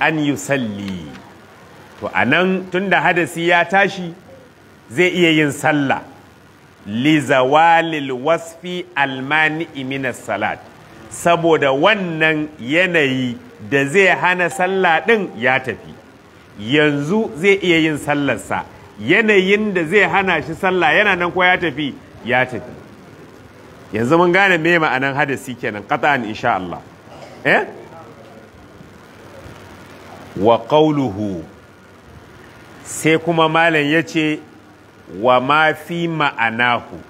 an yi salli to a nan tun da hadasi ya tashi zai iya yin sallah li zawalil wasfi almani minas salat saboda wannan yanayi da zai hana sallah ɗin ya tafi yanzu zai iya yin sallarsa yanayin da zai hana shi sallah yana nan ko ya tafi ya tafi yanzu mun gane me ma'anan hadasi kenan qata'an insha Allah eh wa sai kuma malam ya ce wa ma ma'anahu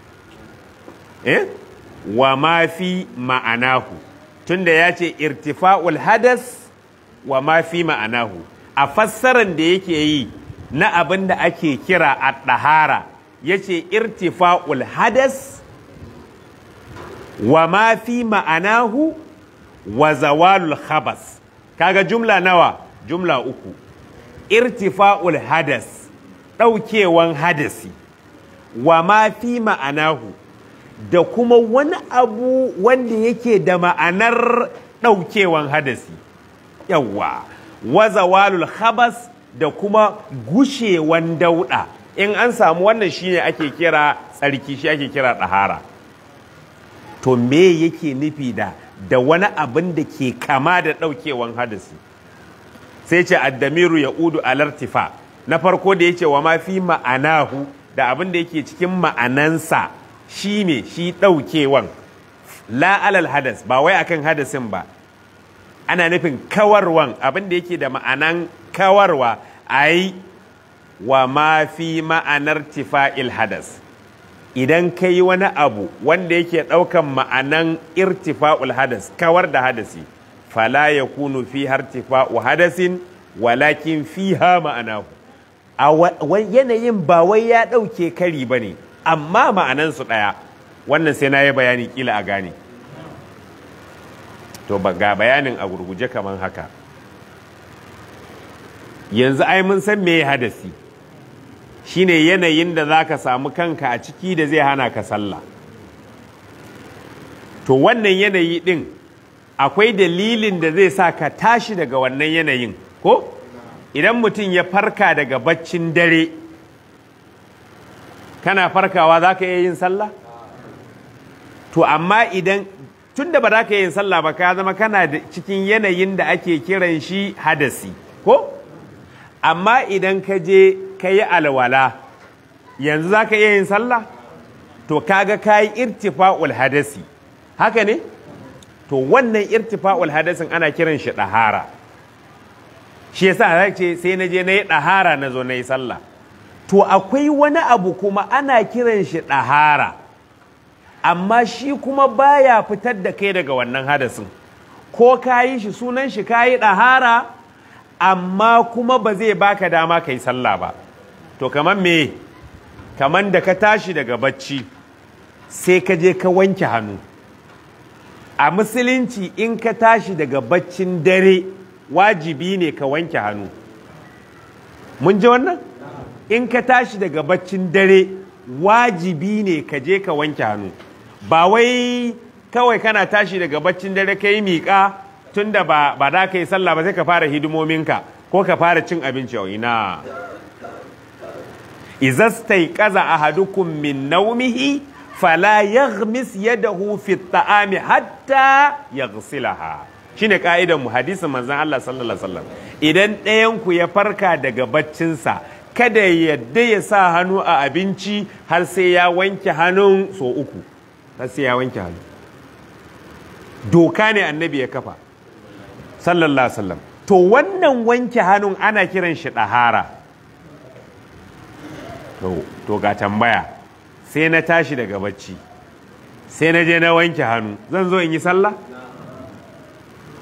eh wa ma fi ma'anahu tunda ya ce irtifa'ul hadas wa ma ma'anahu a fassarar da yake yi na abin da ake kira a ɗahara ya ce irtifa'ul hadas wa ma ma'anahu wa zawalul khabas kaga jumla nawa jumla uku irtifa'ul hadas ɗaukewan hadasi wa ma fi ma'anahu da kuma wani abu wanda yake da ma'anar ɗaukewan hadasi wa wazawalul habas da kuma gushewan dauɗa in an samu wannan shine ake kira tsarki shi ake kira ɗahara to me yake nufi da da wani abin da ke kama da ɗaukewan hadasi sai ce addamiru ya udu alartifa na farko da ya ce wa mafi ma'anahu da abin da yake cikin ma'anansa shi ne shi ɗaukewan la'alal hadas ba wai akan hadasin ba ana nufin kawarwan abin da yake da ma'anan kawarwa ai wa mafi ma'anar tifa'il hadas idan ka yi wani abu wanda yake ɗaukan ma'anan irtifa'ul hadas kawar da hadasi fala kunu fi hartifa wa hadasin walakin fiha ma'anahu a yanayin ba wai ya ɗauke kari ba ne amma ma'anansu ɗaya wannan sai na yi bayani kila a gane to ga bayanin a gurguje kamar haka yanzu ai mun san me hadasi shine yanayin da za ka samu kanka a ciki da zai hana ka sallah to wannan yanayi ɗin akwai dalilin da zai sa ka tashi daga wannan yanayin ko idan mutum ya farka daga baccin dare kana farkawa za ka iya yin sallah to amma idan tun da ba za ka yin sallah ba ka zama kana da cikin yanayin da ake kiran shi hadasi ko amma idan ka je ka yi alwala yanzu za ka iya yin sallah to kaga ka yi irtifa'ul hadasi haka ne to wannan irtifa'ul hadasin ana kiran shi ɗahara shi yasa ce sai na je na yi ɗahara na zo na yi sallah to akwai wani abu kuma ana kiran shi ɗahara amma shi kuma baya fitar da kai daga wannan hadasin ko ka yi shi sunan shi ka yi ɗahara amma kuma ba zai baka dama ka yi sallah ba to kamar me kamar da ka tashi daga bacci sai ka je ka wanke hannu a musulunci in ka tashi daga baccin dare wajibi ne ka wanke hannu mun ji wannan in ka tashi daga baccin dare wajibi ne ka je ka wanke hannu ba wai kawai kana tashi daga baccin dare ka yi miƙa tun da ba za ka yi sallah ba sai ka fara hidimominka ko ka fara cin abinci yau ina izastai kaza ahadukum min naumihi fala yaghmis yadahu fi ta'ami hatta yaghsilaha shine ka'idan mu hadisin manzon Allah sallallahu alaihi wasallam idan ɗayanku ya farka daga baccinsa kada yadda ya sa hannu a abinci har sai ya wanke hannun so uku har sai ya wanke hannu doka ne annabi ya kafa sallallahu alaihi wasallam to wannan wanke hannun ana kiran shi ɗahara to ga tambaya sai na tashi daga bacci sai na je na wanke hannu zan zo in yi sallah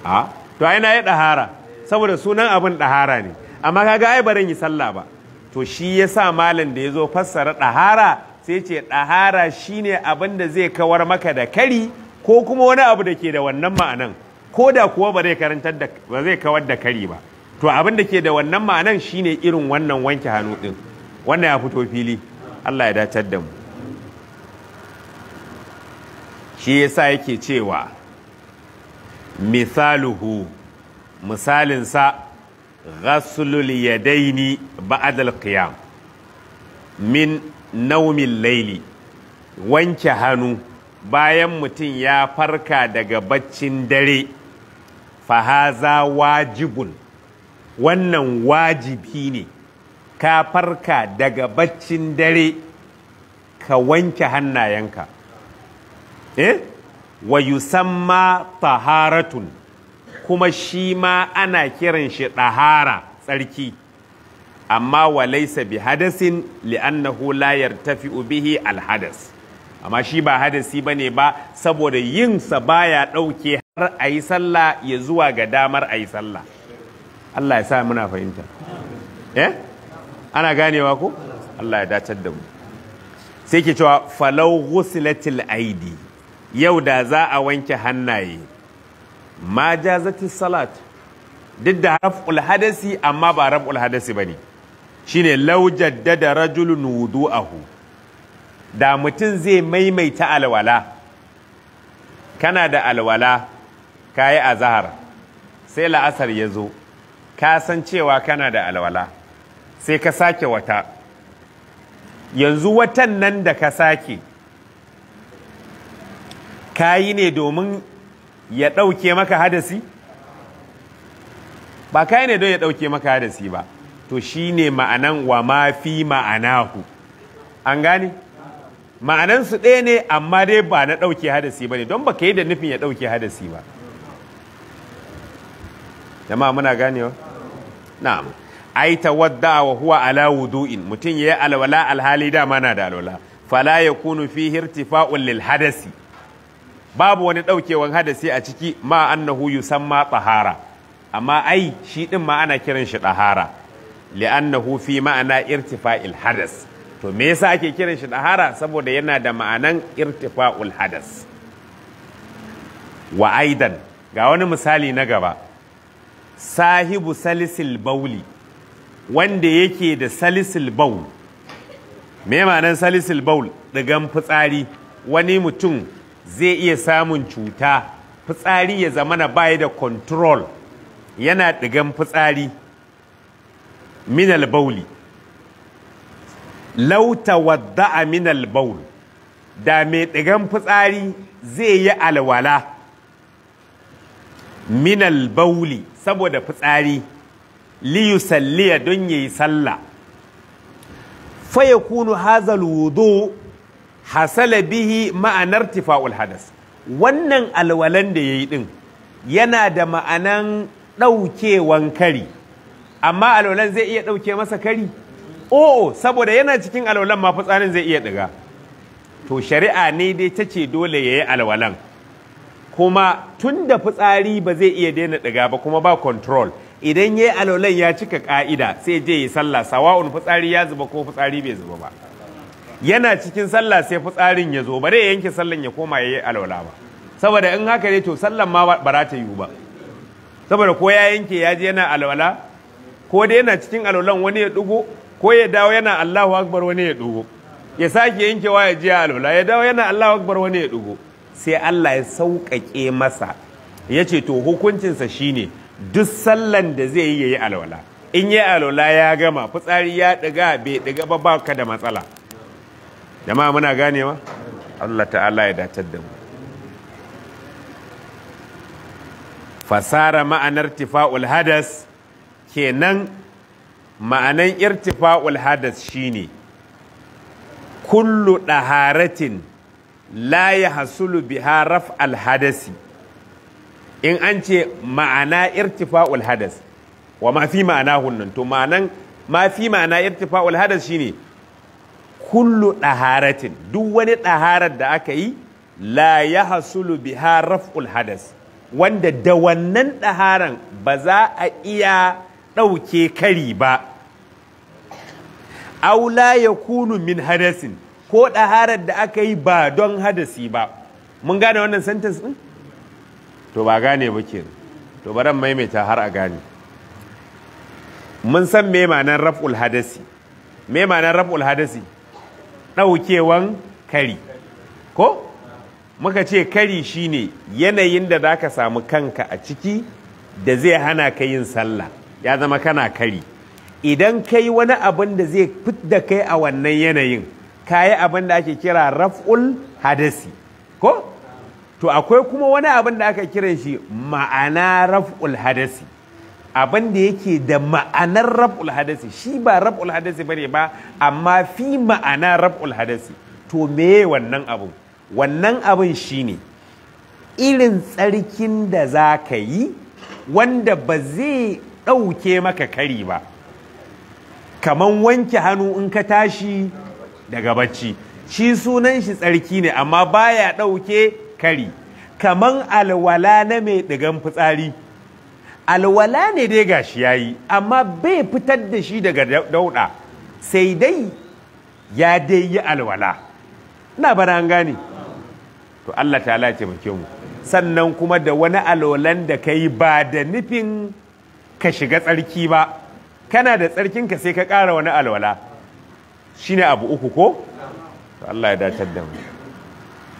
a to ai na yi ɗahara saboda sunan abin ɗahara ne amma kaga ai baran yi sallah ba to shi ya sa malam da ya zo fassara ɗahara sai ce ɗahara shine abin da zai kawar maka da kari ko kuma wani abu da ke da wannan ma'anan ko da kuwa ba zai karantar da ba zai kawar da kari ba to abin da ke da wannan ma'anan shine irin wannan wanke hannu din wannan ya fito fili Allah ya dacar da mu shi yasa yake cewa misaluhu misalinsa ghaslul yadaini ba'd al-qiyam min naumin laili wanke hannu bayan mutum ya farka daga baccin dare fahaza wajibun wannan wajibi ne ka farka daga baccin dare ka wanke hannayenka eh wa yusamma taharatun kuma shi ma ana kiran shi ɗahara tsarki amma wa laisa bi hadasin li'annahu la yartafi'u bihi alhadas amma shi ba hadasi bane ba saboda yin sa baya ɗauke har a sallah ya zuwa ga damar a sallah Allah ya sa muna fahimta eh ana ganewa ko Allah ya dacar da mu sai ke cewa falau ghusilatil aidi yau da za a wanke hannaye ma jazati salat duk da raf'ul hadasi amma ba raf'ul hadasi bane shine law jaddada rajulun wudu'ahu da mutum zai maimaita alwala kana da alwala kayi azhar sai la'asar ya zo ka san cewa kana da alwala sai ka sake wata yanzu watan nan da ka sake ka yi ne domin ya ɗauke maka hadasi ba ka yi ne don ya ɗauke maka hadasi ba to shi ne ma'anan wa ma fi ma'anahu an gane ma'anansu ɗaya ne amma dai ba na ɗauke hadasi ba ne don ba ka yi da nufin ya ɗauke hadasi ba jama'a muna ganewa na'am ai tawadda wa huwa ala wudu'in mutum ya yi alwala alhali dama na da alwala fala ya kunu fi irtifa'un lil hadasi babu wani ɗaukewan hadasi a ciki ma annahu yusamma tsahara amma ai shi ɗin ma ana kiran shi ɗahara li'annahu fi ma'ana irtifa'il hadas to me yasa ake kiran shi ɗahara saboda yana da ma'anan irtifa'ul hadas wa aidan ga wani misali na gaba sahibu salisil bauli wanda yake da salisil baul me ma'anan salisil baul ɗigan fitsari wani mutum zai iya samun cuta fitsari ya zama na baya da control yana ɗigan fitsari minal bauli lauta wadda a minal baul da mai ɗigan fitsari zai yi alwala minal bauli saboda fitsari liyu salliya don ya yi sallah faya kunu hazal wudu hasala bihi ma'anar tifa'ul hadas wannan alwalan da ya yi ɗin yana da ma'anan ɗaukewan kari amma alwalan zai iya ɗauke masa kari oh saboda yana cikin alwalan ma fitsarin zai iya ɗiga to shari'a ne dai ta ce dole ya yi alwalan kuma tun da fitsari ba zai iya daina ɗiga ba kuma ba control idan ya yi alwalan ya cika ka'ida sai je yi sallah sawa'un fitsari ya zuba ko fitsari bai zuba ba yana cikin sallah sai fitsarin ya zo ba dai yanke sallan ya koma ya yi alwala ba saboda in haka ne to sallan ma ba za ta yiwu ba saboda ko ya yanke ya je yana alwala ko dai yana cikin alwalan wani ya dugo ko ya dawo yana Allahu akbar wani ya dugo ya sake yankewa ya je alwala ya dawo yana Allahu akbar wani ya dugo sai Allah ya sauƙaƙe masa ya ce to hukuncinsa shine duk sallan da zai yi yayi alwala in yi alwala ya gama fitsari ya ɗiga bai ɗiga ba baka da matsala jama'a muna ganewa Allah ta'ala ya datar da mu fasara ma'anar tifa'ul hadas kenan ma'anan irtifa'ul hadas shine kullu ɗaharatin la ya hasulu biha raf'al hadasi in an ce ma'ana irtifa'ul hadas wa ma fi ma'ana hunnan to ma'anan ma fi ma'ana irtifa'ul hadas shine kullu ɗaharatin duk wani ɗaharar da aka yi la ya hasulu biha raf'ul hadas wanda da wannan ɗaharan ba za a iya ɗauke kari ba aula ya kunu min hadasin ko ɗaharar da aka yi ba don hadasi ba mun gane wannan sentence ɗin to ba gane ba ke to baran maimaita har a gane mun san me ma'anar raf'ul hadasi me ma'anar raf'ul hadasi ɗaukewan kari ko muka ce kari shine yanayin da zaka samu kanka a ciki da zai hana ka yin sallah ya zama kana kari idan kai wani abin da zai fit da kai a wannan yanayin ka yi abin da ake kira raf'ul hadasi ko to akwai kuma wani abin da aka kiran shi ma'ana raf'ul hadasi abin da yake da ma'anar rab'ul hadasi shi ba rab'ul hadasi ne ba amma fi ma'ana rab'ul hadasi to me wannan abun wannan abun ne irin tsarkin da za ka yi wanda ba zai ɗauke maka kari ba kaman wanke hannu in ka tashi daga bacci shi sunan shi tsarki ne amma baya ɗauke kari kaman alwala na mai ɗigan fitsari alwala ne dai gashi ya yi amma bai fitar da shi daga dauɗa sai dai ya dai yi alwala ina bara an gane to Allah ta ce mu sannan kuma da wani alwalan da ka yi ba da nufin ka shiga tsarki ba kana da tsarkinka sai ka ƙara wani alwala shine abu uku ko to Allah ya dacar da mu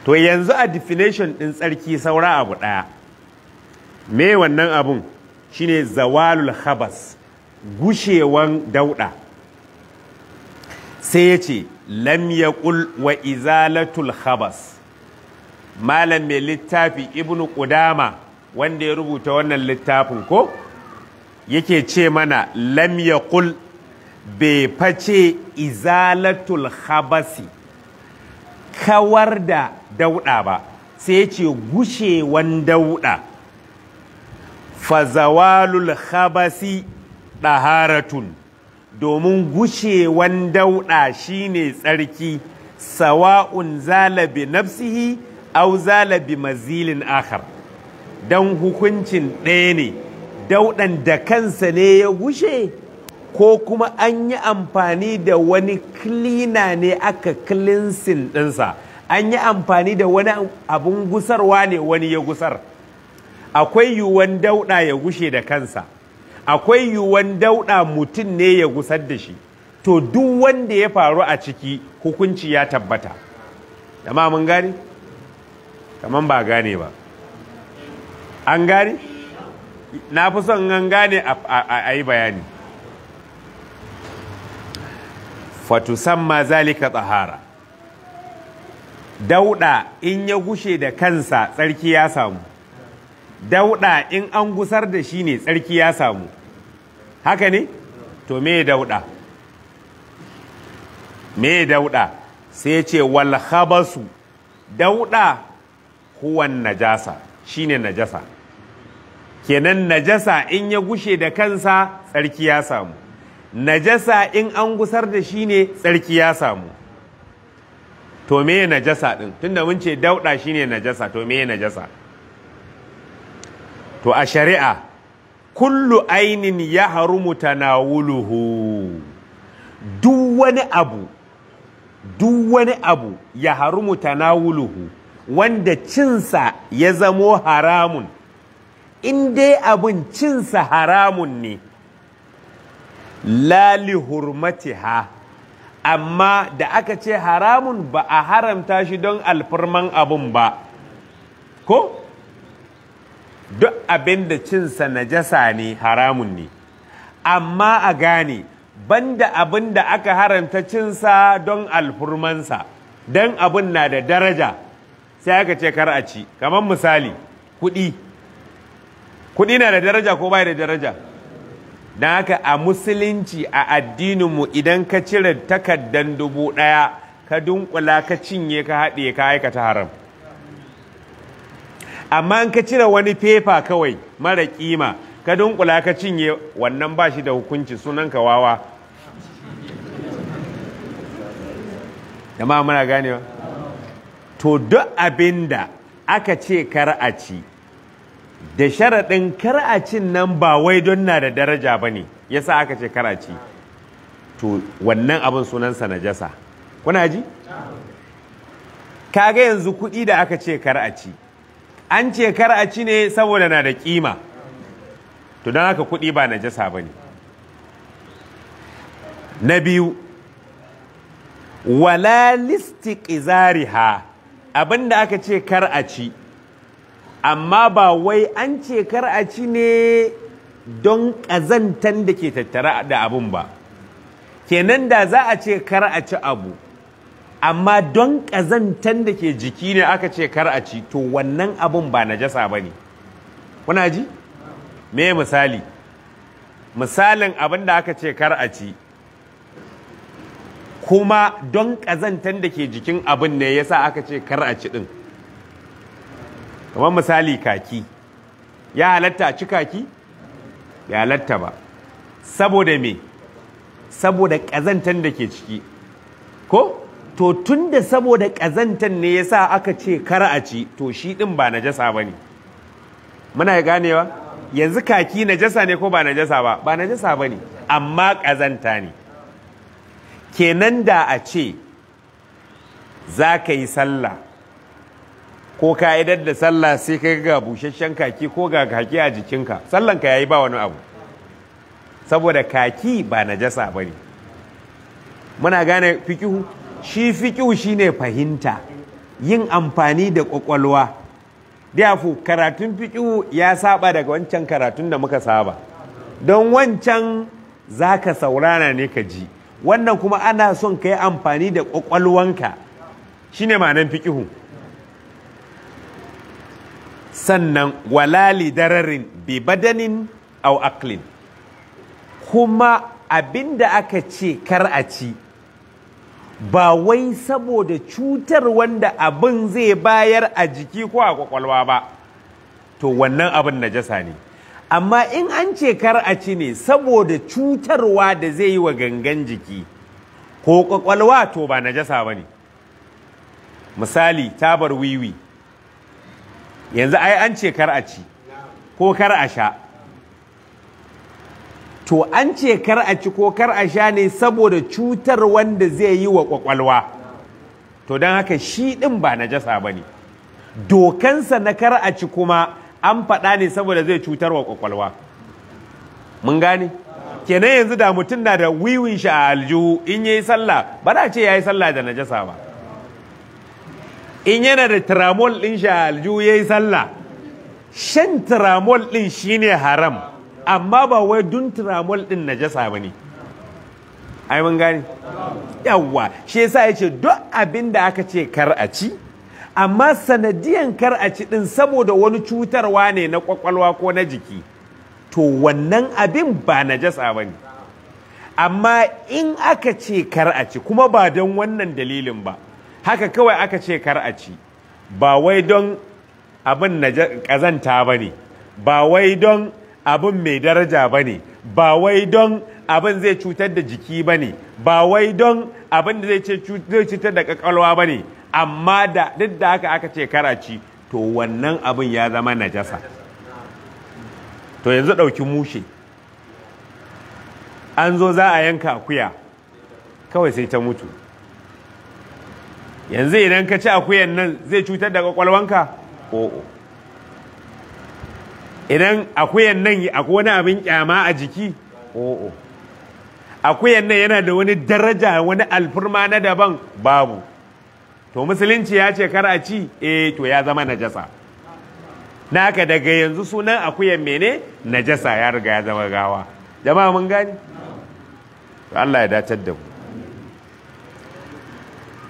to yanzu a definition din tsarki saura abu ɗaya me wannan abun shine zawalul khabas gushewan dauda sai ya ce lam kul wa izalatul khabas malam mai littafi ibnu kudama wanda ya rubuta wannan littafin ko yake ce mana lam kul bai face izalatul khabasi kawar da dauda ba sai ya ce gushewan dauda fazawalul khabasi ɗaharatun domin gushewan dauɗa shine tsarki sawa'un zalabi nafsihi au zalabi mazilin akhar don hukuncin ɗaya ne dauɗan da kansa ne ya gushe ko kuma an yi amfani da wani klina ne aka klinsin ɗinsa an yi amfani da wani abun gusarwa ne wani ya gusar. akwai yiwuwan dauɗa ya gushe da kansa akwai yiwuwan dauɗa mutum ne ya gusar da shi to duk wanda ya faru a ciki hukunci ya tabbata dama mun gane kaman ba gane ba an gane na fi son an gane a yi bayani fatusamma zalika tsahara dauɗa in ya gushe da kansa tsarki ya samu dauda in an gusar da shi ne tsarki ya samu haka ne to me dauda me dauda sai ce wal khabasu dauda huwan najasa shine najasa kenan najasa in ya gushe da kansa tsarki ya samu najasa in an gusar da shi ne tsarki ya samu to me najasa din tunda mun ce dauda shine najasa to me najasa to a shari'a kullu ainin ya haru mutanawuluhu duk wani abu duk wani abu ya harumu wuluhu wanda cinsa ya zamo haramun in dai abin cinsa haramun ne lali hurmati ha. amma da aka ce haramun ba a haramta shi don alfarman abun ba ko duk abin da cinsa najasa ne haramun ne amma a gane banda abin da aka haramta cinsa don alfurmansa don abin na da daraja sai aka ce kar a ci kamar misali kuɗi kuɗi na da daraja ko bai da daraja don haka a musulunci a addininmu idan ka cire takardar dubu ɗaya ka dunkula ka cinye ka haɗe ka aikata haram amma ka cire wani fefa kawai mara kima ka dunkula ka cinye wannan ba shi da hukunci ka wawa jama'a muna ganewa to duk abin da aka ce kar a da sharaɗin kar nan ba wai don na da daraja ba ne yasa aka ce kar a to wannan abin sunansa jasa kuna ji kaga yanzu kuɗi da aka ce kar a an ce kar a ci ne saboda na da kima to don haka kuɗi ba jasa ba ne na biyu wala listiqizariha abinda aka ce kar a ci amma ba wai an ce kar a ci ne don ƙazantan da ke tattara da abun ba kenan da za a ce kar a ci abu amma don ƙazantan da ke jiki ne aka ce kar a ci to wannan abun ba na jasa ba ne kuna ji me misali misalin abin da aka ce kar a ci kuma don ƙazantan da ke jikin abin ne ya sa aka ce kar a ci ɗin kamar misali kaki ya halatta a ci kaki ya halatta ba saboda me saboda ƙazantan da ke ciki ko to tun da saboda ƙazantan ne ya sa aka ce kara a ci to shi ɗin ba na jasa ba ne muna ganewa yanzu kaki na jasa ne ko ba na jasa ba ba na jasa ba ne amma ƙazanta ne kenan da a ce za ka yi sallah ko ka idar da sallah sai ka ga busasshen kaki ko ga kaki a jikinka sallanka ya yi ba wani abu saboda kaki ba na jasa ba ne muna gane fikihu shi shi shine fahimta yin amfani da ƙwaƙwalwa dafu karatun fikiu ya saba daga wancan karatun da muka saba don wancan za ka saurana ne ka ji wannan kuma ana son ka yi amfani da ƙwaƙwalwanka shine ma'anan fiƙihu sannan walali dararin bi badanin au aklin kuma abinda aka ce kar a ci ba wai saboda cutar wanda abin zai bayar a jiki ko a kwakwalwa ba to wannan abin na jasa ne amma in an ce kar a ci ne saboda cutarwa da zai yi wa gangan jiki ko kwakwalwa to ba na jasa ba ne misali tabar wiwi yanzu ai an ce kar a ci ko kar a sha to an ce kar a ci ko kar a sha ne saboda cutar wanda zai yi wa kwakwalwa to don haka shi ɗin ba na jasa ba ne dokansa na kar a ci kuma an faɗa ne saboda zai cutar wa kwakwalwa mun gane kenan yanzu da mutum na da wiwin shi a aljihu in yayi sallah ba za ce yayi sallah da najasa ba in yana da tiramol din shi a aljihu yayi sallah shan tiramol ɗin shine haram amma ba wai dun turamol din jasa ba ne ai mun gani. yawwa shi yasa ya ce duk abin da aka ce kar a ci amma sanadiyan kar a ci din saboda wani cutarwa ne na kwakwalwa ko na jiki to wannan abin ba najasa ba ne amma in aka ce kar a ci kuma ba don wannan dalilin ba haka kawai aka ce kar a ci ba wai don abin na kazanta ba ne ba wai don abin mai daraja ba ne ba wai don abin zai cutar da jiki ba ne ba wai don abin da zai cutar da ƙwaƙwalwa ba ne amma da duk da haka aka ce karaci to wannan abin ya zama najasa to yanzu ɗauki mushe an zo za a yanka akuya kawai sai ta mutu yanzu idan ka ci akuyan nan zai cutar da ƙwaƙwalwanka o'o idan akuyan nan akwai wani abin kyama a jiki o'o akuyan nan yana da wani daraja wani alfurma na daban babu to musulunci ya ce kar a ci eh to ya zama najasa naka daga yanzu sunan akuyan mene najasa ya riga ya zama gawa jama'a mun gani Allah ya dace da mu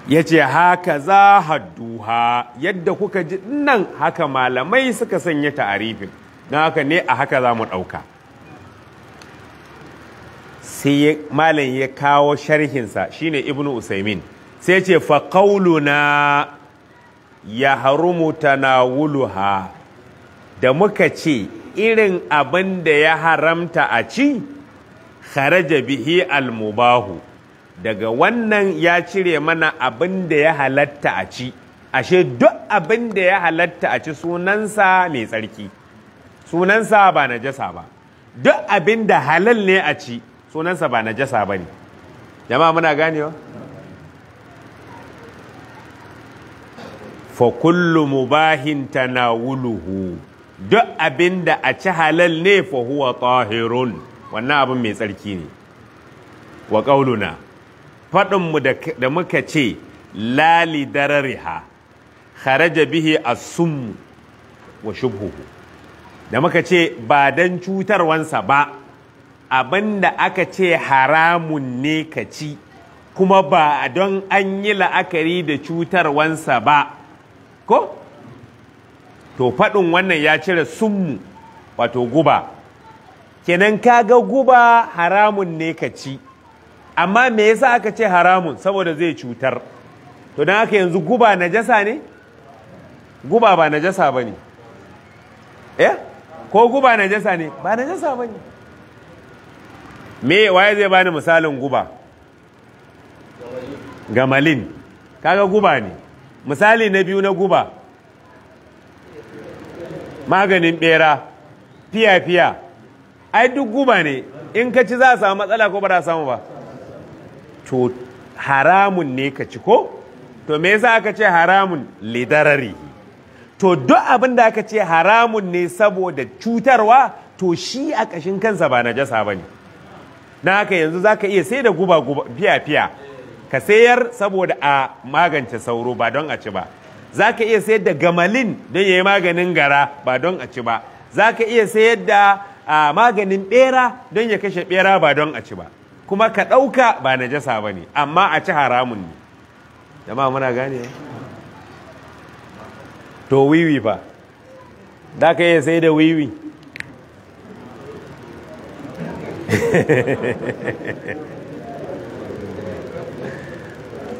ya ce haka za hadduha yadda kuka ji nan haka malamai suka sanya ta'arifin don haka ne a haka za mu ɗauka sai malam ya kawo sharhinsa shine ibnu usaimin sai ce fa na ya harumu tanawuluha da muka ce irin abin da ya haramta a ci kharaja bihi almubahu daga wannan ya cire mana abin da ya halatta a ci ashe duk abin da ya halatta a ci sunansa mai tsarki sunansa ba najasa ba duk abin da halal ne a ci sunansa ba najasa ba ne jama'a muna ganewa fa kullu mubahin tanawuluhu duk abin da a ci halal ne fa huwa tahirun wannan abin mai tsarki ne wa ƙauluna faɗinmu da muka ce lali ha kharaja bihi as-sum wa shubhuhu da muka ce ba don cutarwansa ba abinda aka ce haramun ne ka ci kuma ba don an yi la'akari da cutarwansa ba ko to faɗin wannan ya cire sunmu wato guba kenan ka ga guba haramun ne ka ci amma me yasa aka ce haramun saboda zai cutar to don haka yanzu guba najasa ne guba ba najasa ba ne eh ko guba najasa ne ba najasa ba ne me waye zai bani misalin guba gamalin kaga guba ne misali na biyu na guba maganin bera fiya-fiya ai duk guba ne in ka ci za a samu matsala ko ba za samu ba to haramun ne ka ci ko to me yasa aka ce haramun lidarari to duk abin da aka ce haramun ne saboda cutarwa to shi a ƙashin kansa ba jasa ba ne na haka yanzu za ka iya sai da guba guba fiya fiya ka sayar saboda a magance sauro ba don a ci ba za ka iya sayar da gamalin don ya yi maganin gara ba don a ci ba za ka iya sayar da maganin bera don ya kashe bera ba don a ci ba kuma ka ɗauka ba jasa ba ne amma a ci haramun ne jama'a to wiwi ba da ka iya sai da wiwi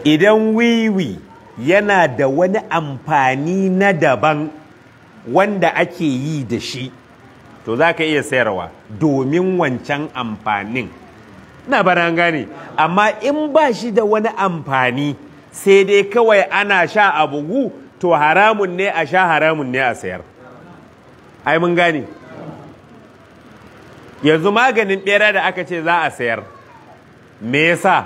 idan wiwi yana da wani amfani na daban wanda ake yi da shi to za ka iya sayarwa domin wancan amfanin na baran gane amma in ba shi da wani amfani sai dai kawai ana sha a bugu to haramun ne a sha haramun ne a sayar ai mun gane yanzu maganin bera da aka ce za a sayar me yasa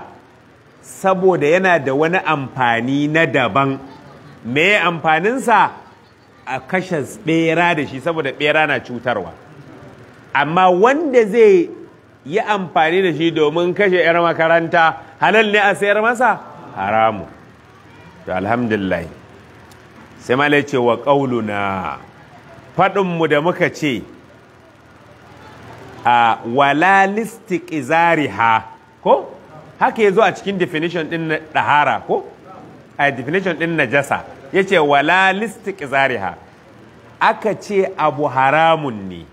saboda yana da wani amfani na daban me amfaninsa a kashe bera da shi saboda bera na cutarwa amma wanda zai yi amfani da shi domin kashe 'yar makaranta halal ne a sayar masa haramu to alhamdulillah sai malai ce wa ƙauluna faɗinmu da muka ce a walalistik izariha ko haka ya zo a cikin definition ɗin na ɗahara ko a definition ɗin najasa ya ce walalistik izariha aka ce abu haramun ne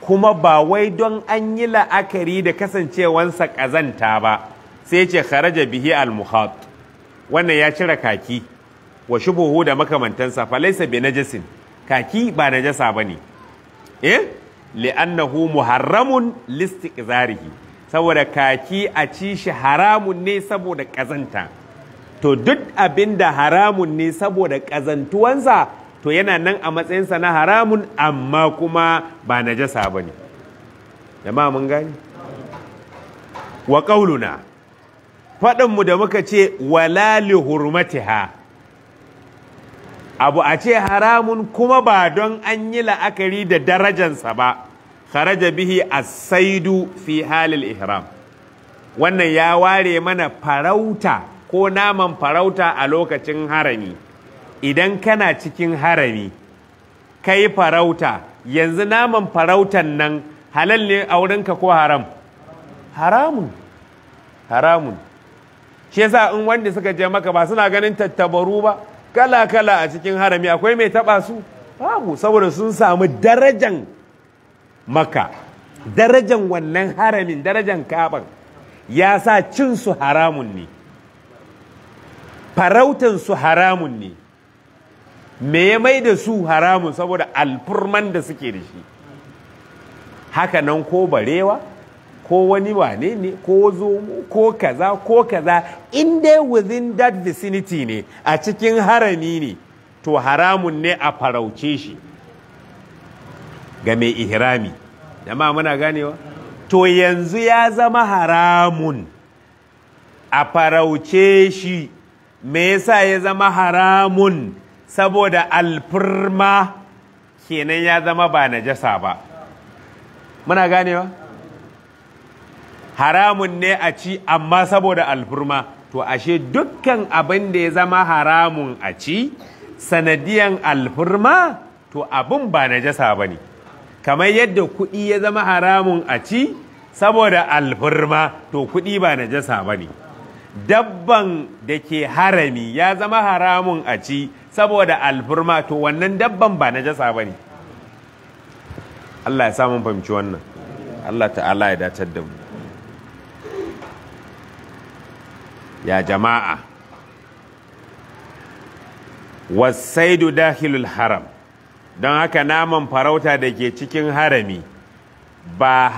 kuma ba wai don an yi la'akari da kasancewansa ƙazanta ba sai ce kharaja bihi al-muhat wannan ya cire kaki wa shubuhu da makamantansa laysa bi najasin kaki ba najasa bane eh li'annahu muharramun listiqzarihi saboda kaki a ci shi haramun ne saboda kazanta to duk abinda haramun ne saboda kazantuwansa to yana nan a matsayinsa na haramun amma kuma ba najasa bane jama'a mun gani wa qauluna faɗinmu da muka ce wala li hurmatiha abu a ce haramun kuma ba don an yi la'akari da darajansa ba kharaja bihi a saidu fi halil ihram wannan ya ware mana farauta ko naman farauta a lokacin harami idan kana cikin harami kai farauta yanzu naman farautan nan halal ne a wurinka ko haram haramun haramun shi yasa in wanda suka je maka ba suna ganin tattabaru ba kala-kala a cikin harami akwai mai taba su babu saboda sun samu darajan maka darajan wannan haramin darajan kaban ya sa su haramun ne Farautan su haramun ne me ya mai da su haramun saboda alfurman da suke da shi haka nan ko barewa ko wani wane ne ko zo ko kaza ko kaza in dai within that vicinity ne a cikin harami ne to haramun ne a farauce shi ga mai ihrami dama muna ganewa to yanzu ya zama haramun a farauce shi me yasa ya zama haramun saboda alfirma kenan ya zama ba najasa ba muna ganewa haramun ne a ci amma saboda alfurma to ashe dukkan abin da ya zama haramun a ci sanadiyan alfurma to abin ba najasa ba ne kamar yadda kuɗi ya zama haramun a ci saboda alfurma to kuɗi ba jasa ba ne dabban da ke harami ya zama haramun a ci saboda alfurma to wannan dabban ba jasa ba ne Allah ya samun fahimci wannan Allah ta'ala ya datar da mu ya jama'a wasaidu dahilul haram don haka naman farauta da ke cikin harami ba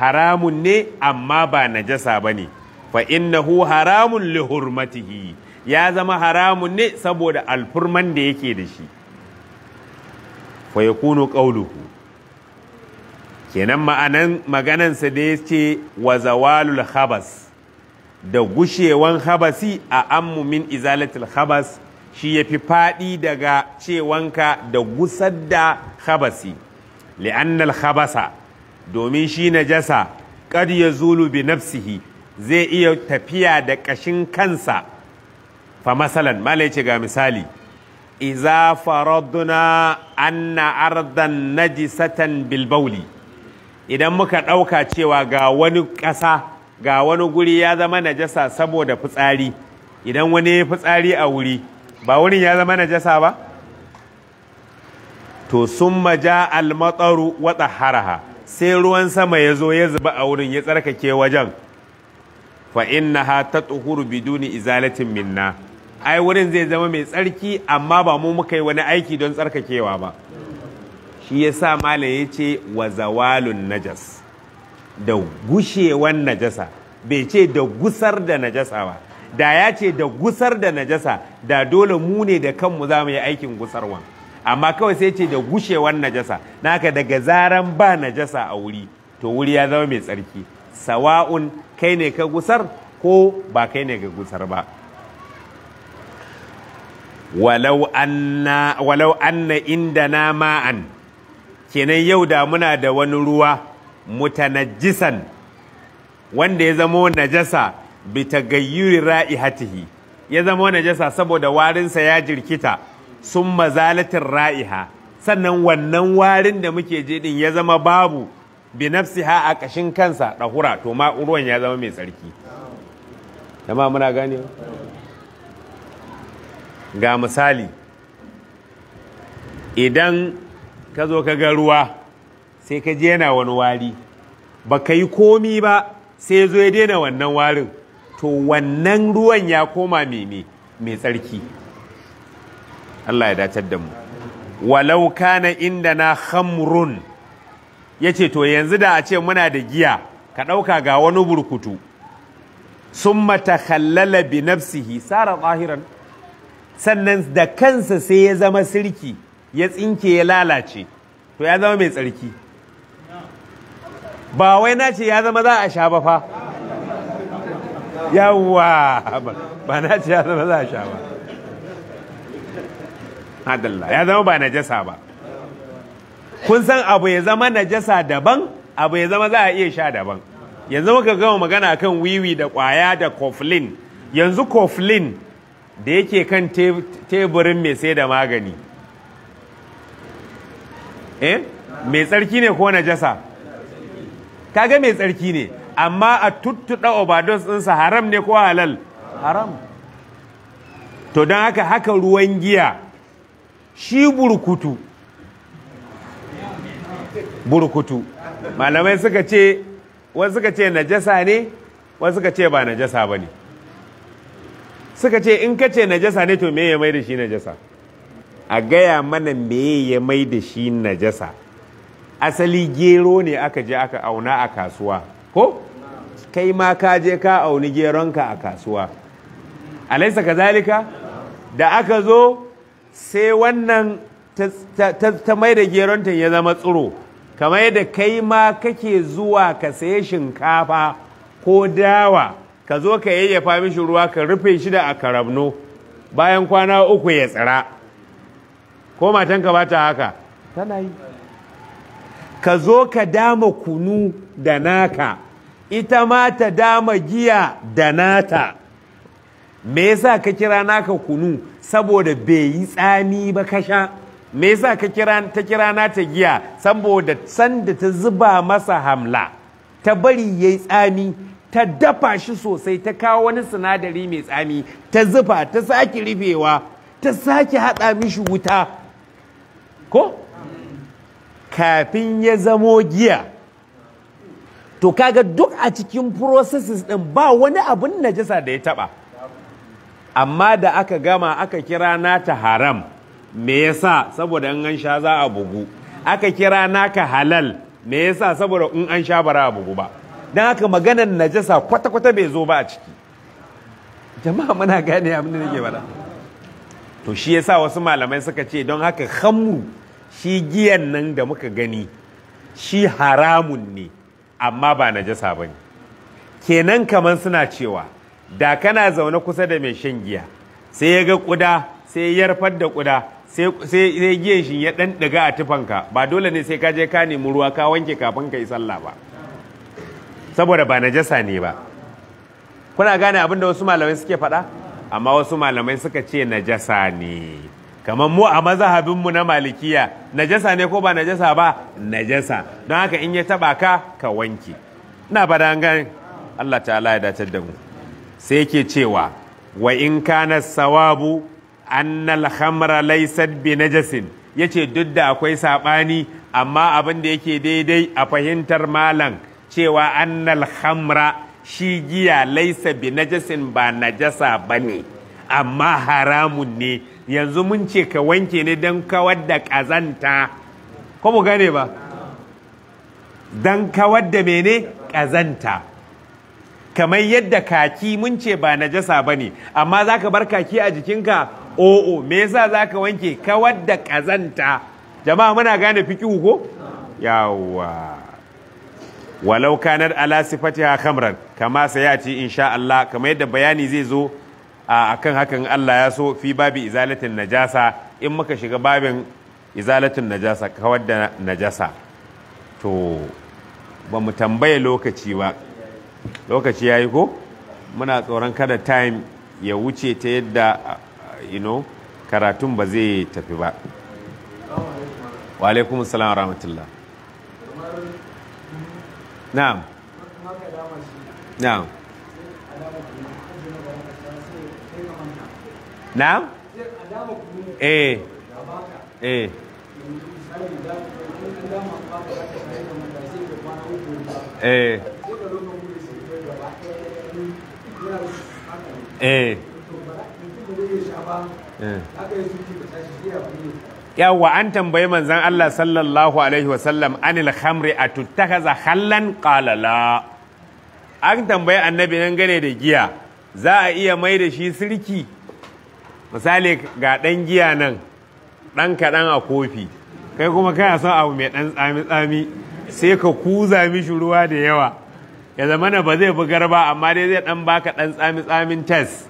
haramun ne amma ba najasa ba ne fa innahu haramun li hurmatihi ya zama haramun ne saboda alfurman da yake da shi fa yakunu qauluhu kenan ma'anan maganansa da ya ce wa zawalul khabas da gushewan habasi a ammu min izalatul habas shi ya fi faɗi daga cewanka da gusar da habasi li'annal habasa domin shi na jasa kad ya zulu bi nafsihi zai iya tafiya da ƙashin kansa fa masalan mala ga misali iza faraduna anna ardan najisatan bilbauli idan muka ɗauka cewa ga wani ƙasa ga wani guri ya zama najasa saboda fitsari idan wani ya fitsari a wuri ba wurin ya zama najasa ba to sun maja almatsaru wata haraha sai ruwan sama ya zo ya zuba a wurin ya tsarkake wajen fa ha-ta ta tatuhuru biduni izalatin minna ai wurin zai zama mai tsarki amma ba mu muka yi wani aiki don tsarkakewa ba shi ya sa malam ce wa zawalun najas da gushewan najasa bai ce da gusar da najasa ba da ya ce da gusar da najasa da dole mu ne da kanmu za mu yi aikin gusarwa. amma kawai sai ce da gushewan najasa naka daga zaran ba najasa a wuri to wuri ya zama mai tsarki sawa'un kai ne ka gusar ko ba kai ne ka gusar ba walau anna, inda na ma'an kenan yau da muna da wani ruwa mutanajjisan wanda ya zamo najasa bi tagayyuri ra'ihatihi ya zamo najasa saboda warinsa ya jirkita sun mazalatin ra'iha sannan wannan warin da muke je din ya zama babu bi nafsiha a kashin kansa ɗahura to ma ruwan ya zama mai tsarki muna gane ga misali idan ka zo ka ga ruwa sai ka je yana wani wari ba ka yi komi ba sai zo ya daina wannan warin to wannan ruwan ya koma mene mai tsarki Allah ya dacar da mu walau kana inda na hamrun ya ce to yanzu da a ce muna da giya ka ɗauka ga wani burkutu sun mata hallala bi nafsihi sara tsahiran sannan da kansa sai ya zama sirki ya tsinke ya lalace to ya zama mai tsarki ba wai na ce ya zama za a sha ba fa yawwa ba na ce ya zama za a sha ba adalla ya zama ba najasa ba kun san abu ya zama najasa daban abu ya zama za a iya sha daban yanzu muka gama magana kan wiwi da kwaya da koflin yanzu koflin da yake kan teburin mai sai da magani eh mai tsarki ne ko najasa ga mai tsarki ne amma a tuttuɗa obados ɗinsa haram ne ko halal haram to don haka haka ruwan giya shi burkutu burkutu malamai suka ce wasu suka ce najasa ne wasu suka ce ba najasa ba ne suka ce in ka ce najasa ne to me ya mai da shi najasa a gaya mana me ya mai da shi najasa asali gero ne aka je aka auna a kasuwa ko kai ma ka je ka auni geron ka a kasuwa alaisa kazalika da aka zo sai wannan ta mai da ta ya zama tsuro kamar yadda kai ma kake zuwa ka saye shinkafa ko dawa ka zo ka yayyafa mishi ruwa ka rufe shi da akarabno bayan kwana uku ya tsira ko matanka ba ta haka tana yi ka zo ka dama kunu da naka ita ma ta dama giya da nata me yasa ka kira naka kunu saboda bai yi tsami ba ka sha me yasa ka kira ta kira nata giya saboda sanda ta zuba masa hamla ta bari yayi tsami ta dafa shi sosai ta kawo wani sinadari mai tsami ta zufa ta sake rufewa ta sake haɗa mishi wuta ko kafin ya zamo giya to kaga duk a cikin processes ɗin ba wani abin najasa da ya taɓa amma da aka gama aka kira nata haram me yasa saboda in an sha za a bugu aka kira naka halal me yasa saboda in an sha bara a bugu ba don haka maganan najasa kwata-kwata bai zo ba a ciki jama'a muna gane abin da nake bada to shi yasa wasu malamai suka ce don haka khamru shi giyan nan da muka gani shi haramun ne amma ba na jasa ba ne kenan kamar suna cewa da kana zaune kusa da mai shan giya sai ya ga ƙuda sai ya yarfar da kuda sai giyan shi ya dan ɗiga a tufanka ba dole ne sai ka je ka nemi ruwa ka wanke kafin ka yi sallah ba saboda ba na jasa ne ba kuna gane abin da wasu malamai suke faɗa amma wasu malamai suka ce najasa ne kamar mu a mazahabinmu na malikiya najasa ne ko ba najasa ba najasa don haka in ya taba ka ka wanke ina ba dangan Allah ta'ala ya datar da mu sai ke cewa wa in kana sawabu an annal khamra laysat bi najasin yace duk da akwai sabani amma abin da yake daidai a fahimtar malam cewa an annal khamra shi giya laisa bi najasin ba najasa bane amma haramun ne yanzu mun ce ka wanke ne don kawar da ƙazanta ko mu gane ba don kawar da mene ƙazanta kamar yadda kaki mun ce ba najasa ba ne amma za ka bar kaki a jikinka o'o me yasa za ka wanke kawar da ƙazanta jama'a muna gane fikihu ko yawwa walau kanar ala kamar khamran kama sayati insha Allah kamar yadda bayani zai zo a kan hakan Allah ya so fi babi izalatin najasa in muka shiga babin izalatin najasa kawar da najasa to ba mu tambaye lokaci ba lokaci ya yi ko muna tsoron kada time ya wuce ta yadda you know karatun ba zai tafi ba wa salam rahmatullah na'am na'am na? Eh. eh eh eh eh yawwa an tambayi manzan Allah sallallahu alaihi wasallam anil khamri atuttakaza hallan qalala an tambayi annabi nan gane da giya za a iya mai da shi sirki misali ga ɗan giya nan ɗan kaɗan a kofi kai kuma kana son abu mai ɗan tsami-tsami sai ka kuza mishi ruwa da yawa ya zama na ba zai bugar ba amma dai zai ɗan baka ɗan tsami-tsamin tas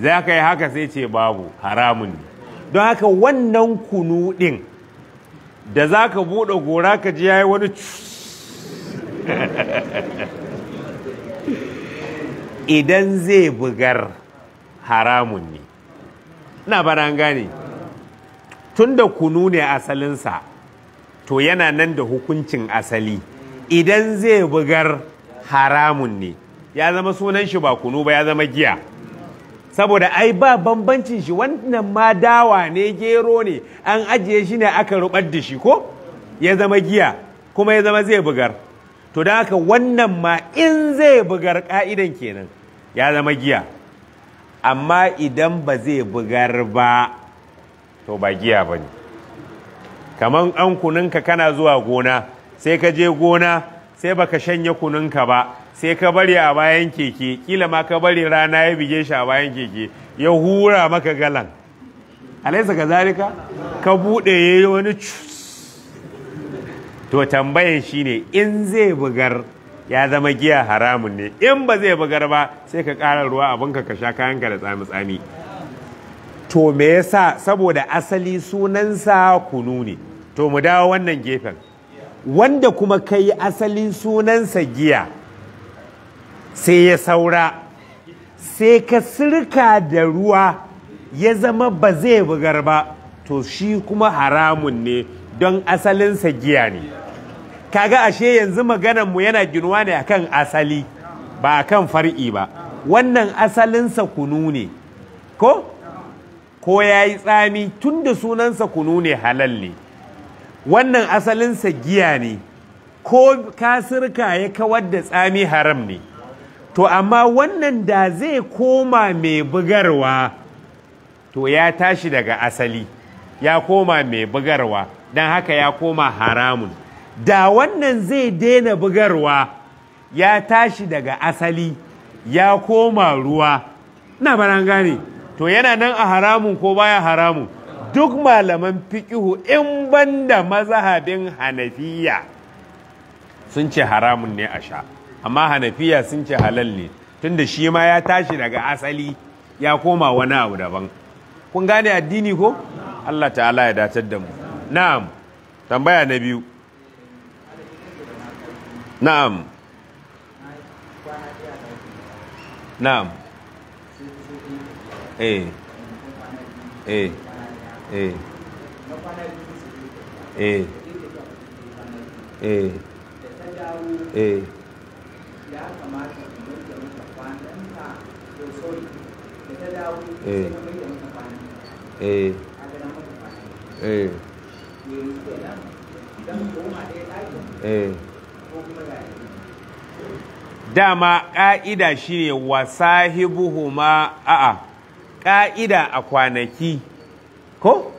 za ka yi haka sai ce babu haramun don haka wannan kunu ɗin da za ka buɗe gora ka ji ya yi wani idan zai bugar haramun ne na bara gane tun da kunu ne asalinsa to yana nan da hukuncin asali idan zai bugar haramun ne ya zama sunan shi ba kunu ba ya zama giya saboda ai ba bambancin shi wannan ma dawa ne gero ne an ajiye shi ne aka rubar da shi ko ya zama giya kuma ya zama zai bugar to da haka wannan ma in zai bugar ka'idan kenan ya zama giya amma idan ba zai bugar ba to ba giya ba ne kamar an kuninka kana zuwa gona sai ka je gona sai baka shanye kuninka ba sai ka bari a bayan keke kila ma ka bari rana ya bige shi a bayan keke ya hura maka galan alaisa ka zalika ka buɗe ya yi wani cus to tambayan shine in zai bugar ya zama giya haramun ne in ba zai bugar ba sai ka ƙara ruwa abinka ka sha kayanka da tsami-tsami to me yasa saboda asali sunansa kunu ne to mu dawo wannan gefen wanda kuma ka yi asalin sunansa giya sai ya saura sai ka sirka da ruwa ya zama ba zai bugar ba to shi kuma haramun ne don asalinsa giya ne kaga ashe yanzu maganan mu yana ginuwa ne akan asali ba akan far'i ba wannan asalinsa kunu ne ko ko ya yi tsami tun da sunansa kunu ne halal ne wannan asalinsa giya ne ko kasirka ya kawar da tsami haram ne to amma wannan da zai koma mai bugarwa to ya tashi daga asali ya koma mai bugarwa don haka ya koma haramun da wannan zai daina bugarwa ya tashi daga asali ya koma ruwa na baran gane to yana nan a haramun ko baya haramun duk malaman fiƙihu in banda mazhabin hanafiya sun ce haramun ne a sha amma hanafiya sun ce halal ne tunda shi ma ya tashi daga asali ya koma wani abu daban kun gane addini ko Allah ta'ala ya datar da mu na'am tambaya na biyu Naam. Naam. Eh. Eh. Eh. Eh. Eh. Eh. Eh. Eh. Eh. Eh. dama ƙa'ida shi ne wa sahibuhuma a'a ƙa'ida a kwanaki ko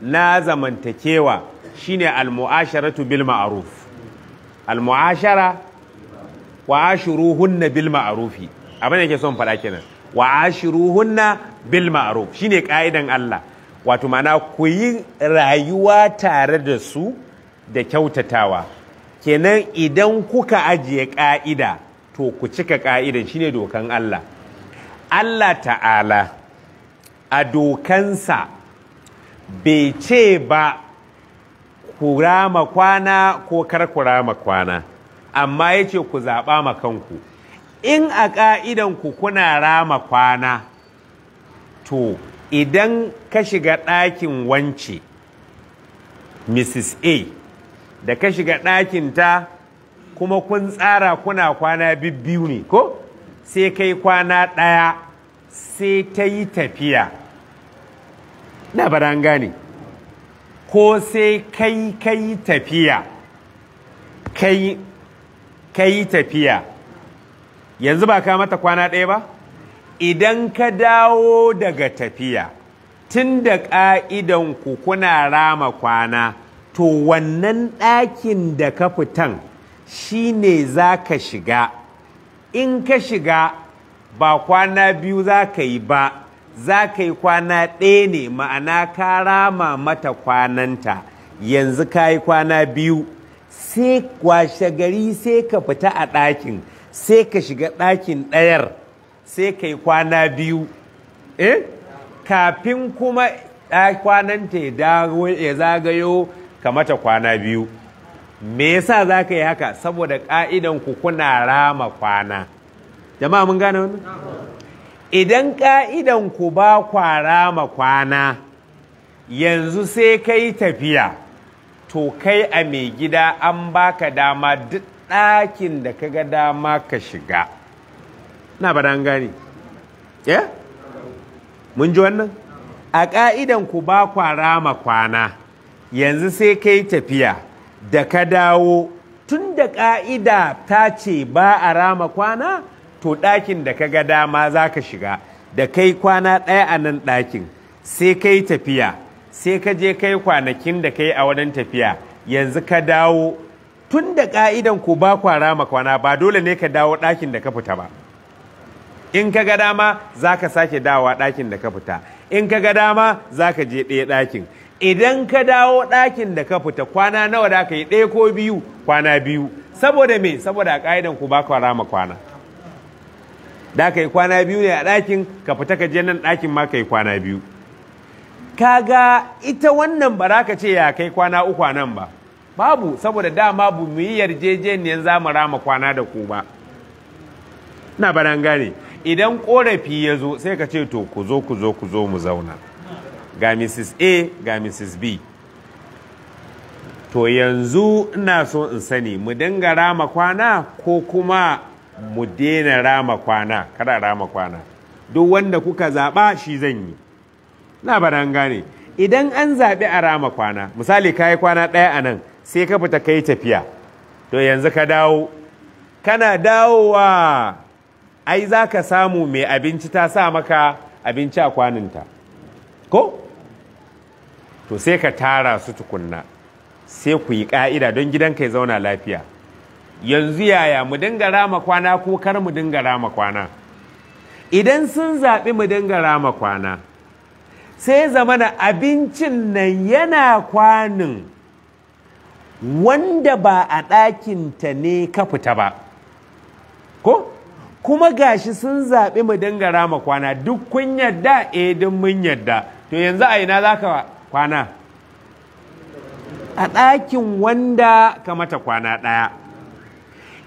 na zamantakewa shine almu'asharatu bil ma’aruf almu'ashara wa ashuruhunna bil ma’arufi abin da ke son faɗa kenan wa ashuruhunna bil shi shine ƙa'idan Allah wato mana ku yi rayuwa tare da su da kyautatawa kenan idan kuka ajiye ka'ida to ku cika shi shine dokan Allah Allah ta'ala a dokansa bai ce ba ku rama kwana ko kar ku rama kwana amma ya ce ku zaɓa ma kanku in a ku kuna rama kwana to idan ka shiga ɗakin wance mrs a da ka shiga ɗakinta kuma kun tsara kuna kwana bibbiyu ne ko sai kai kwana ɗaya sai ta yi tafiya na ba gane ko sai kai kai tafiya kai kai tafiya yanzu ba ka mata kwana ɗaya ba idan ka dawo daga tafiya tun da ƙa'idanku kuna rama kwana to wannan ɗakin da ka fitan shi ne za ka shiga in ka shiga ba kwana biyu za ka yi ba za ka yi kwana ɗaya ne ma'ana ka rama mata kwananta yanzu ka yi kwana biyu sai kwashe gari sai ka fita a ɗakin sai ka shiga ɗakin ɗayar sai ka yi kwana biyu eh kafin kuma kwananta ya zagayo kamata kwana biyu me yasa za ka yi haka saboda ka'idan ku kuna rama kwana jama'a mun gane wani. idan ka'idan ku ba kwa rama kwana yanzu sai kai tafiya to kai a mai gida an baka dama duk ɗakin da ka ga dama ka shiga na ba an gane eh? mun ji wannan a ka'idan ku ba kwa rama kwana yanzu sai kai tafiya da ka dawo tun da ƙa'ida ta ce ba a rama kwana to ɗakin da ka ga dama za ka shiga da kai kwana ɗaya a nan ɗakin sai kai tafiya sai ka je kai kwanakin da kai a wajen tafiya yanzu ka dawo tun da ƙa'idan ku ba kwa rama kwana ba dole ne ka dawo ɗakin da ka fita ba in ka ga dama za ka sake dawa ɗakin da ka fita in ka ga dama za ka je ɗaya ɗakin idan ka dawo ɗakin da ka fita kwana nawa da ka yi ɗaya ko biyu kwana biyu saboda me saboda a ƙa'idan ku ba rama kwana da ka yi kwana biyu ne a ɗakin ka fita ka je nan ɗakin ma ka yi kwana biyu kaga ita wannan ba za ka ce ya kai kwana uku nan ba babu saboda dama bu mu yi yarjejeniyar za mu rama kwana da ku ba na baran gane idan korafi ya zo sai ka ce to ku zo ku zo ku zo mu zauna ga mrs a ga mrs b to yanzu ina so in sani mu dinga rama kwana ko kuma mu dena rama kwana kada rama kwana duk wanda kuka zaɓa shi zan yi na ba gane idan an zaɓi a rama kwana misali ka yi kwana ɗaya a nan sai ka fita ka yi tafiya to yanzu ka dawo kana dawowa ai za ka samu mai abinci ta sa maka abinci a kwaninta ko to sai ka tara su tukunna sai ku yi ka'ida don gidanka ya zauna lafiya yanzu yaya mu dinga rama kwana ko kar mu dinga rama kwana idan sun zaɓi mu dinga rama kwana sai zamana abincin nan yana kwanin wanda ba a ɗakinta ne ka fita ba ko kuma gashi sun zaɓi mu dinga rama kwana duk kun yadda edin eh, mun yadda to yanzu a ina za ka kwana a ɗakin wanda ka mata kwana ɗaya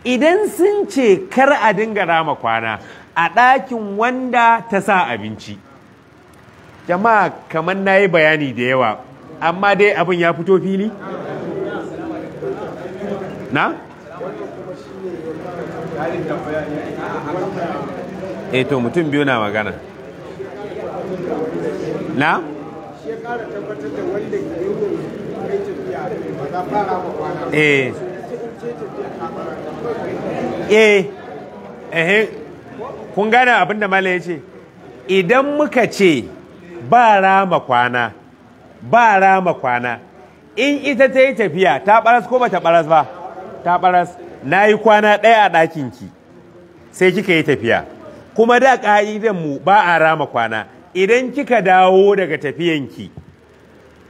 idan sun ce kar a dinga rama kwana a ɗakin wanda ta sa abinci jama'a kamar na yi bayani da yawa amma dai abin ya fito fili na? eto eh, mutum biyu na magana na eh eh eh kun gane abin da mala ya ce idan muka ce ba rama kwana ba rama kwana in ita ta yi tafiya ta baras ko ba ta baras ba ta baras na yi kwana ɗaya a ɗakinki sai kika yi tafiya kuma da ƙa'idan mu ba a rama kwana idan kika dawo daga tafiyanki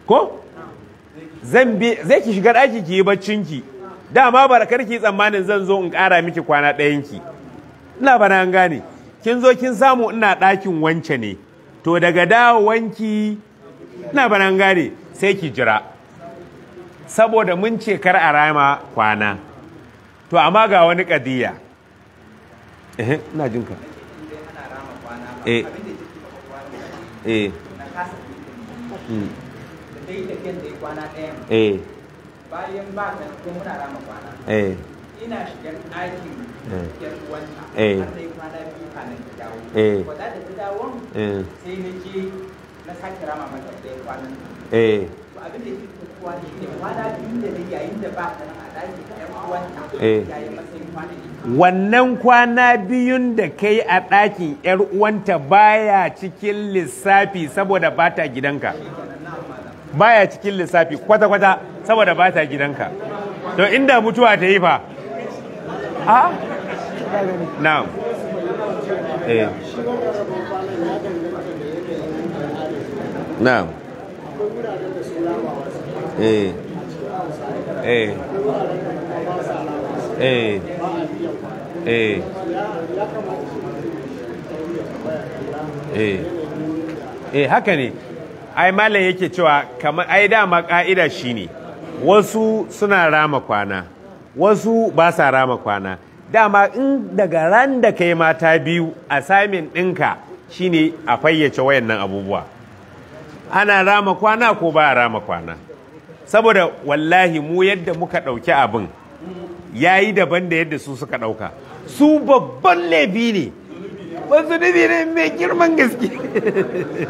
ko zan zai ki shiga ɗaki ki yi baccinki dama barakar kiyi tsammanin zan zo in ƙara miki kwana ɗayanki ina bana an gane kin zo kin samu ina ɗakin wance ne to daga dawonki ina bana an gane sai ki jira saboda mun ce kar a rama kwana to amma ga wani ƙadiya ina jinka eh eh hmm. yi tafiyan da ya kwana ɗaya bayan ba ka cikin muna rama kwana ina shigar ɗakin yan uwanta eh har sai kwana biyu kanin ta dawo eh ko da ta dawo eh sai na je na sake rama mata ɗaya kwanan eh abin da yake Eh. wannan kwana biyun da kai a ɗakin ƴar uwanta baya cikin lissafi saboda ba ta gidanka baya cikin lissafi kwata-kwata saboda ba ta gidanka to inda mutuwa ta yi fa a na'am na eh. na'am eh eh eh eh eh eh haka ne ai malam yake cewa kamar ai dama ka'ida shine wasu suna rama kwana wasu ba sa rama kwana dama in daga ran da kai mata biyu a samin ɗinka shine a fayyace wayannan abubuwa ana rama kwana ko ba a rama kwana saboda wallahi mu yadda muka ɗauki abin ya yi daban da yadda su suka ɗauka su babban laifi ne wasu nufi ne mai girman gaske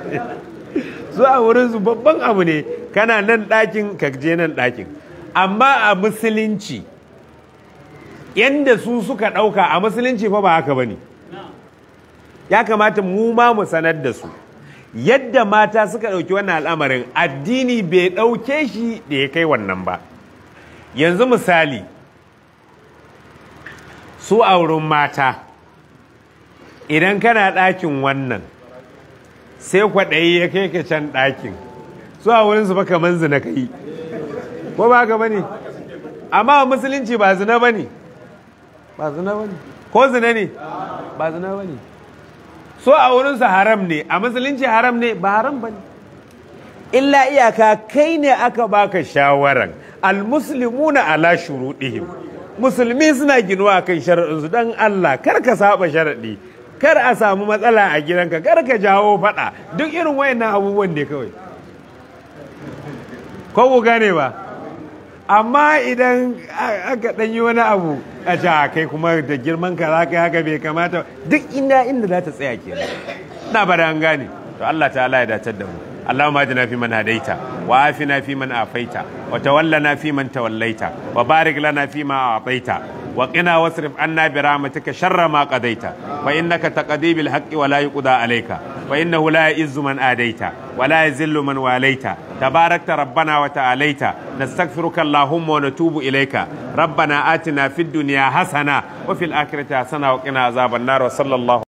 su a wurinsu babban abu ne kana nan ɗakin ka je nan ɗakin amma a musulunci yadda su suka ɗauka a musulunci fa ba haka ba ne ya kamata mu ma mu sanar da su yadda mata suka ɗauki wannan al'amarin addini bai ɗauke shi da ya kai wannan ba yanzu misali su auren mata idan kana ɗakin wannan sai kwaɗayi ya kai ka can ɗakin su a wurinsu ba kamar zina ka yi ko ba ka bane amma musulunci ba zina ne? ba zina bane ko zina ne ba zina bane so a wurinsa haram ne a musulunci haram ne ba haram ba ne illa iyaka kai ne aka baka shawaran na ala shuruɗihim musulmi suna ginuwa kan shari'unsu don Allah kar ka saba sharaɗi kar a samu matsala a gidanka kar ka jawo faɗa duk irin wayannan abubuwan ne kawai ko ku gane ba amma idan aka ɗanyi wani abu a ja a kai kuma da girman ka za ka haka bai kamata duk inda inda za ta tsaya ke. na bari an gane to Allah ta'ala ya datar da mu Allahumma ajina fi man hadaita wa afina fi man afaita wa tawallana fi man tawallaita wa barik lana fi ma afaita وقنا واصرف عنا برحمتك شر ما قضيت فإنك تقضي بالحق ولا يقضى عليك فإنه لا يئز من آديت ولا يذل من واليت تباركت ربنا وتعاليت نستغفرك اللهم ونتوب إليك ربنا آتنا في الدنيا حسنة وفي الآخرة حسنة وقنا عذاب النار وصلى الله